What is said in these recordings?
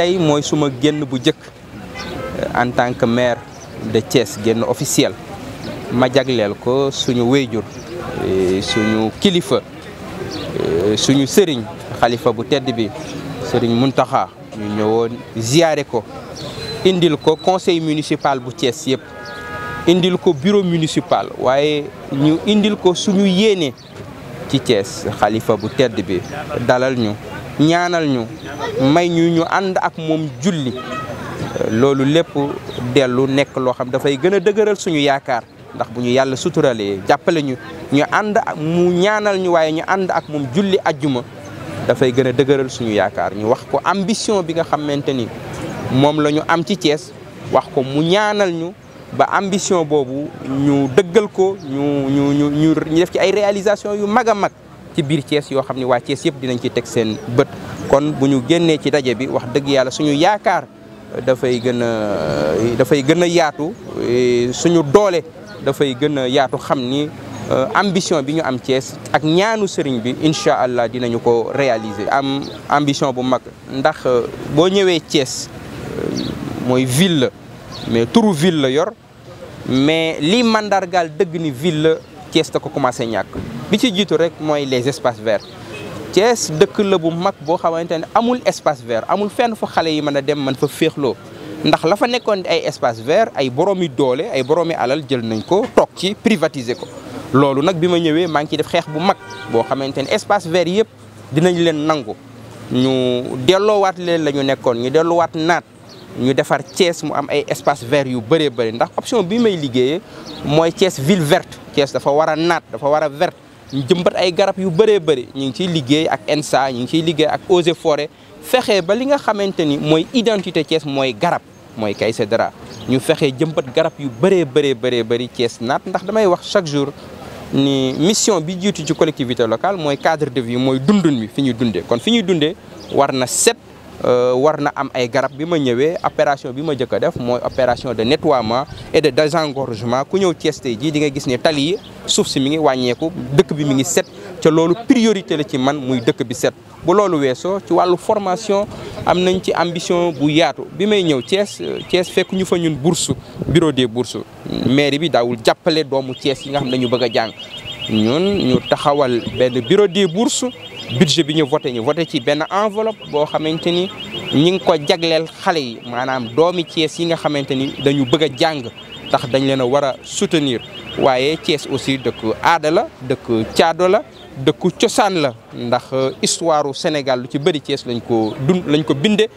tey mooy suma génn bu jëkk euh, en tant que maire de Thiès génn officiel ma jagleel ko suñu wéyjur euh, suñu kilifa euh, suñu sëriñ xalifa bu tedd bi sëriñ Muntaxa ñu ñëwoon ziyaare ko indil ko conseil municipal bu Thiès yëpp indil ko bureau municipal waaye ñu indil ko suñu yéene ci Thiès xalifa bu tedd bi dalal ñu ñaanal ñu may ñu ñu ànd ak moom julli loolu lépp dellu nekk loo xam dafay gën a dëgëral suñu yaakaar ndax bu ñu yàlla suturalee jàppale ñu ànd ak mu ñaanal ñu waaye ñu ànd ak moom julli ajjuma dafay gën a dëgëral suñu yaakaar ñu wax ko ambition bi nga xamante ni moom la ñu am ci Thiès wax ko mu ñaanal ñu ba ambition boobu ñu dëggal ko ñu ñu ñu ñu def ci ay réalisation yu mag a mag ci biir Thiès yoo xam ne waa Thiès yëpp dinañ ci teg seen bët kon bu ñu génnee ci daje bi wax dëgg yàlla suñu yaakaar dafay gën a dafay gën a yaatu eh, suñu doole dafay gën a yaatu xam ni eh, ambition bi ñu am Thiès ak ñaanu sëriñ bi incha allah dinañu ko réaliser. am ambition bu mag ndax eh, boo ñëwee Thiès mooy ville la mais turu ville la yor mais lii mandargaal dëgg ni ville Thiès da ko commencé ñàkk bi ci jiitu rek mooy les espaces verts Thiès dëkk la bu mag boo xamante ne amul espace vert amul fenn fu xale yi mën a dem man fa féexloo ndax la fa nekkoon ay espace vert ay boroomi doole ay boroomi alal jël nañ ko toog ci privatiser ko loolu nag bi ma ñëwee maa ngi ciy def xeex bu mag boo xamante ne espace vert yëpp dinañ leen nangu ñu delloowaat leen la ñu nekkoon ñu delloowaat naat ñu defar Thiès mu am ay espace vert yu bëree bëri ndax option bi may liggéeyee mooy Thiès ville verte Thiès dafa war a naat dafa war a verte ñu jëmbat ay garab yu bëree bëri ñu ngi ciy liggéey ak ENSA ñu ngi ciy liggéey ak Eaux et fexe ba li nga xamante ni mooy identité Thiès mooy garab mooy Kaysera ñu fexe jëmbat garab yu bëree bëree bëree bëri Thiès naat ndax damay wax chaque jour ni mission bi jiitu ci collectivité locale mooy cadre de vie mooy dundun bi fi ñuy dundee kon fi ñuy dundee war na set. Euh, war na am ay garab bi ma ñëwee opération bi ma jëkk a def mooy opération de nettoiement et de désengorgement ku ñëw cees tey jii di gis ne tali yi suuf si mu ngi wàññeeku dëkk bi mi ngi set ca loolu priorité la ci man muy dëkk bi set bu loolu weesoo ci wàllu formation am nañ ci ambition bu yaatu bi may ñëw Thiès Thiès fekk ñu fa ñun bourse bureau des bourses mairie bi daawul jàppale doomu Thiès yi nga xam ne ñu bëgg a jàng ñun ñu taxawal benn bureau des bourses budget bi ñu voté ñu voté ci benn enveloppe boo xamante ni ñi ngi ko jagleel xale yi maanaam doomi Thiès yi nga xamante ni dañu bëgg a jàng tax dañ leen a war a soutenir waaye Thiès aussi dëkk aada la dëkk caado la dëkk cosaan la ndax histoire Sénégal lu ci bëri Thiès lañ ko dund lañ ko binde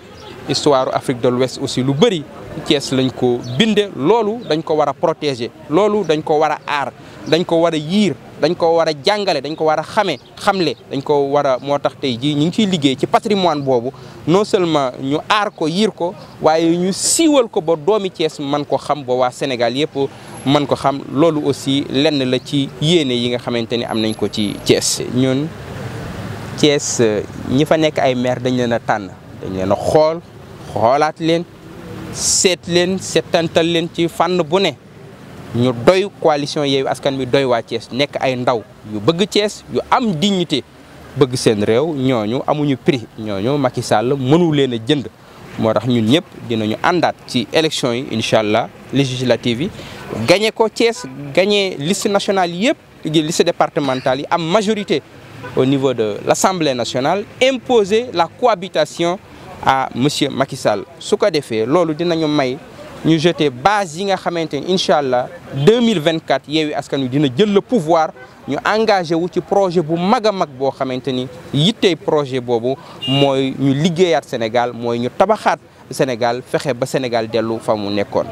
histoire Afrique de l'Ouest aussi lu bëri Thiès lañ ko binde loolu dañ ko war a protéger loolu dañ ko war a aar dañ ko war a yiir dañ ko war a jàngale dañ ko war a xam xamle dañ ko war a moo tax tey jii ñu ngi ciy liggéey ci patrimoine boobu non seulement ñu aar ko yiir ko waaye ñu siiwal ko ba doomi Cees man ko xam ba waa Sénégal yëpp man ko xam loolu aussi lenn la ci yéene yi nga xamante ni am nañ ko ci Cees ñun Cees ñi fa nekk ay maire dañ leen a tànn dañ leen a xool xoolaat leen seet leen seetantal leen ci fànn bu ne ñu doy coalition Yewwi Askan Wi doy waa Thiès nekk ay ndaw yu bëgg cees yu am dignité bëgg seen réew ñooñu amuñu prix ñooñu Macky Sall mënu leen a jënd moo tax ñun ñëpp dinañu àndaat ci élection yi incha allah législative yi gagné ko Thiès gagné liste national yëpp liste départementale yi am majorité au niveau de l'Assemblée nationale imposer la cohabitation à monsieur Macky su ko defee loolu dinañu may ñu jeté base yi nga xamante ni incha allah 2024 Yewwi Askan Wi dina jël le pouvoir ñu engagé wu ci projet bu mag a mag boo xamante ni yittey projet boobu mooy ñu liggéeyaat Sénégal mooy ñu tabaxaat Sénégal fexe ba Sénégal dellu fa mu nekkoon.